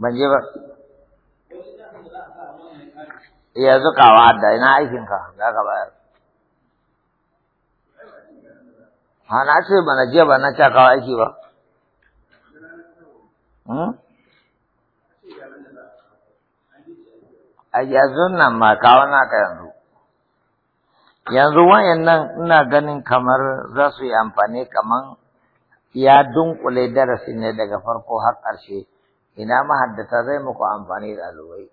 ban je ba eh, ya zukawa da ina aikinka za ka bayar ha na ce ba na je ba na ce kawo aiki ba hmm? a yanzu nan ma kawo ka yanzu yanzu nan ina ganin kamar za su yi amfani kaman ya dunkule darasi ne daga farko har ƙarshe ina mahaddata zai muku amfani da alwai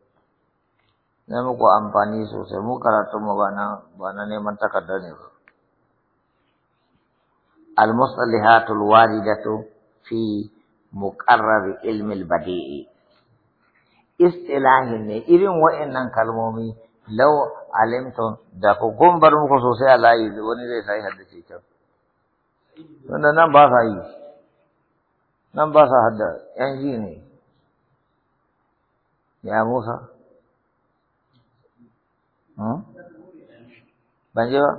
zai muku amfani sosai mu karatu mu ba na neman takardar ne ba المصلحات waridatu fi muƙarrar ilmi albadi'i istilahi ne irin wa'annan kalmomi law alimtum da ku gumbar muku sosai a layi wani zai sai haddace kyau tunda nan ba sa yi nan ba sa hadda yan ji ne ya musa hmm? ban je ba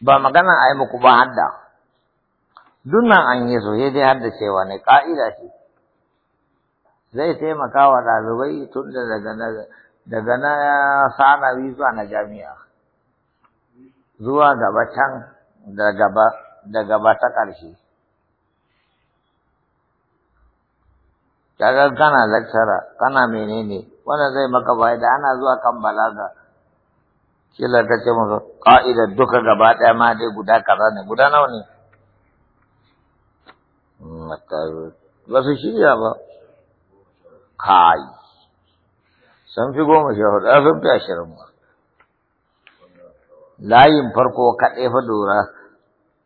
ba magana a yi muku ba hadda dunnan an yi so dai hadda cewa ne ƙa'ida ce zai taimaka wa ɗalibai tun da daga na sanawi zuwa na jami'a zuwa gaba can da gaba ta ƙarshe kaga kana lakcara kana menene wannan zai maka da ana zuwa kan balaga kila ka ce maka ka'idar duka gaba ɗaya ma dai guda kaza ne guda nawa ne hmm, ba su shirya ba kai sun fi goma sha hudu sun fi ashirin ba layin farko kaɗai fa dora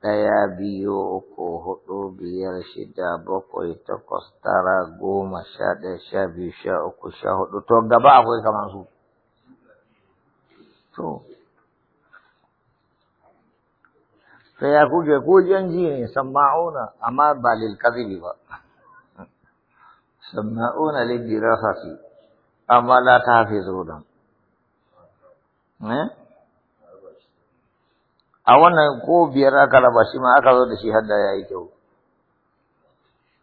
ɗaya, biyu, uku, huɗu, biyar, shida, bakwai, takwas, tara, goma, sha ɗaya, sha biyu, sha uku, sha huɗu. To gaba akwai kamar su. To, sai ya kuke ko janji ne sama'una amma ba lil kadhibi ba. Sama'una lil dirasati amma la tahfizuna. Eh? a wannan ko biyar aka raba shi ma aka zo da shi hadda ya yi kyau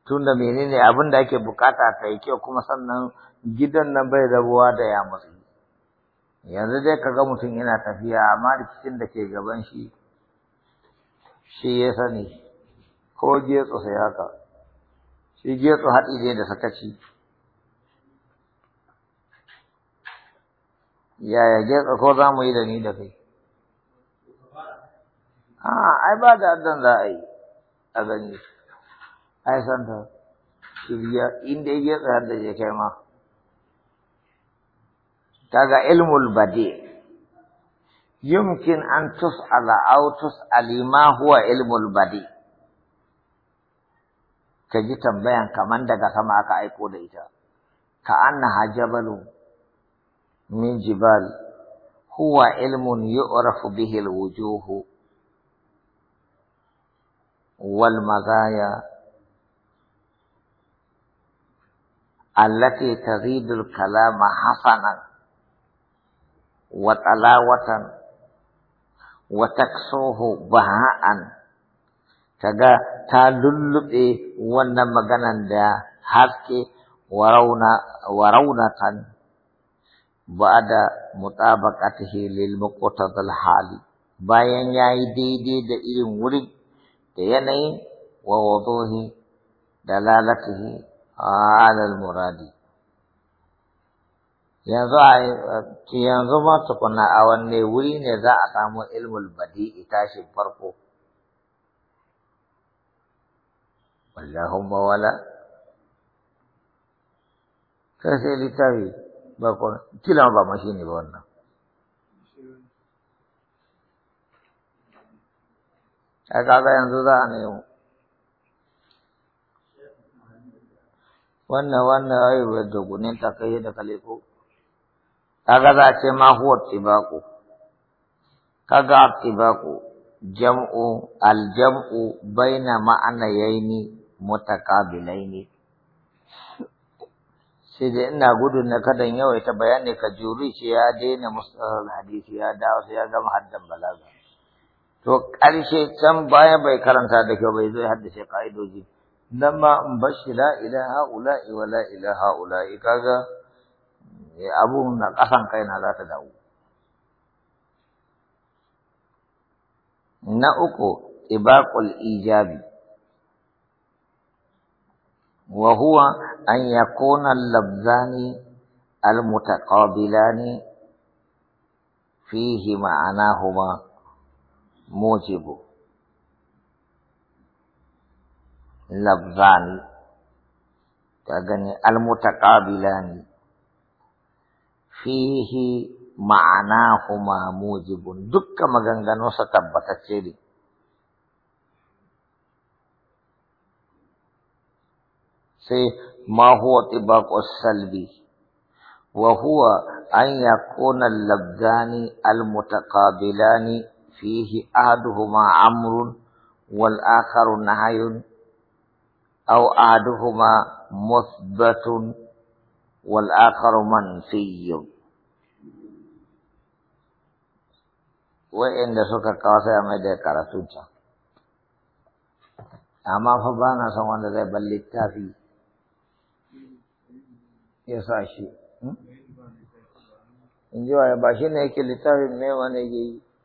tunda menene abin da ake bukata ta yi kyau kuma sannan gidan nan bai rabuwa da ya mutu yanzu dai kaga mutum yana tafiya amma rikicin da ke gaban shi shi ya sani ko getso sai haka shi getso haɗi ne da sakaci yaya getso ko za mu yi da ni da kai A'a, ai ba da addan za a yi a gani. Ai san ta shirya inda ya tsaya da ya kai ma. Kaga ilmul badi yumkin an tus ala'au tus alima huwa ilmul badi. Ka ji tambayan kaman daga sama aka aiko da ita. Ka annaha hajabalu. min jibal huwa ilmun yu'rafu bihi al-wujuhu والمزايا التي تزيد الكلام حسنا وتلاوة وتكسوه بهاء كذا تللب ونما جنن ده حسكي ورونا ورونة بعد مطابقته للمقتضى الحالي bayan ya دي دي دي دي wurin da yanayin wa da lalatuhi a alal muradi yanzu a yanzu ma tukuna a wanne wuri ne za a samu ilmul badi tashin farko Wallahun wala sai sai littafi ba kila ba mashi ne ba wannan a kaga yanzu za a nemo wannan wannan ayyuwar da gunin takayya da kaleko kaga za a ce ma huwa tibaku kaga tibaku jam'u aljam'u baina ma'anayaini mutaqabilaini sai da ina gudun na kadan yawaita bayani ka juri ce ya daina mustalar hadisi ya dawo sai ya gama haddan balaga to ƙarshe can baya bai karanta da kyau bai zo ya haddace ƙa'idoji nan ma in bar shi la ilaha ula'i wa la ilaha ula'i kaga abun na ƙasan kaina za ta dawo na uku ibaqul ijabi wa huwa an yakuna al-labzani al-mutaqabilani fihi ma'anahuma mojibu labzan ta gani almutaqabilan fihi ma'ana kuma mujibun dukka maganganu sa tabbata cedi se ma huwa tibaq as-salbi wa huwa ay labzani al فيه أحدهما أمر والآخر نهي أو أحدهما مثبت والآخر منفي wa'inda suka kawasa ya mai da karatun amma fa ba na son wanda zai bar littafi ya sa shi in ji wa ba shi ne yake littafin ne wani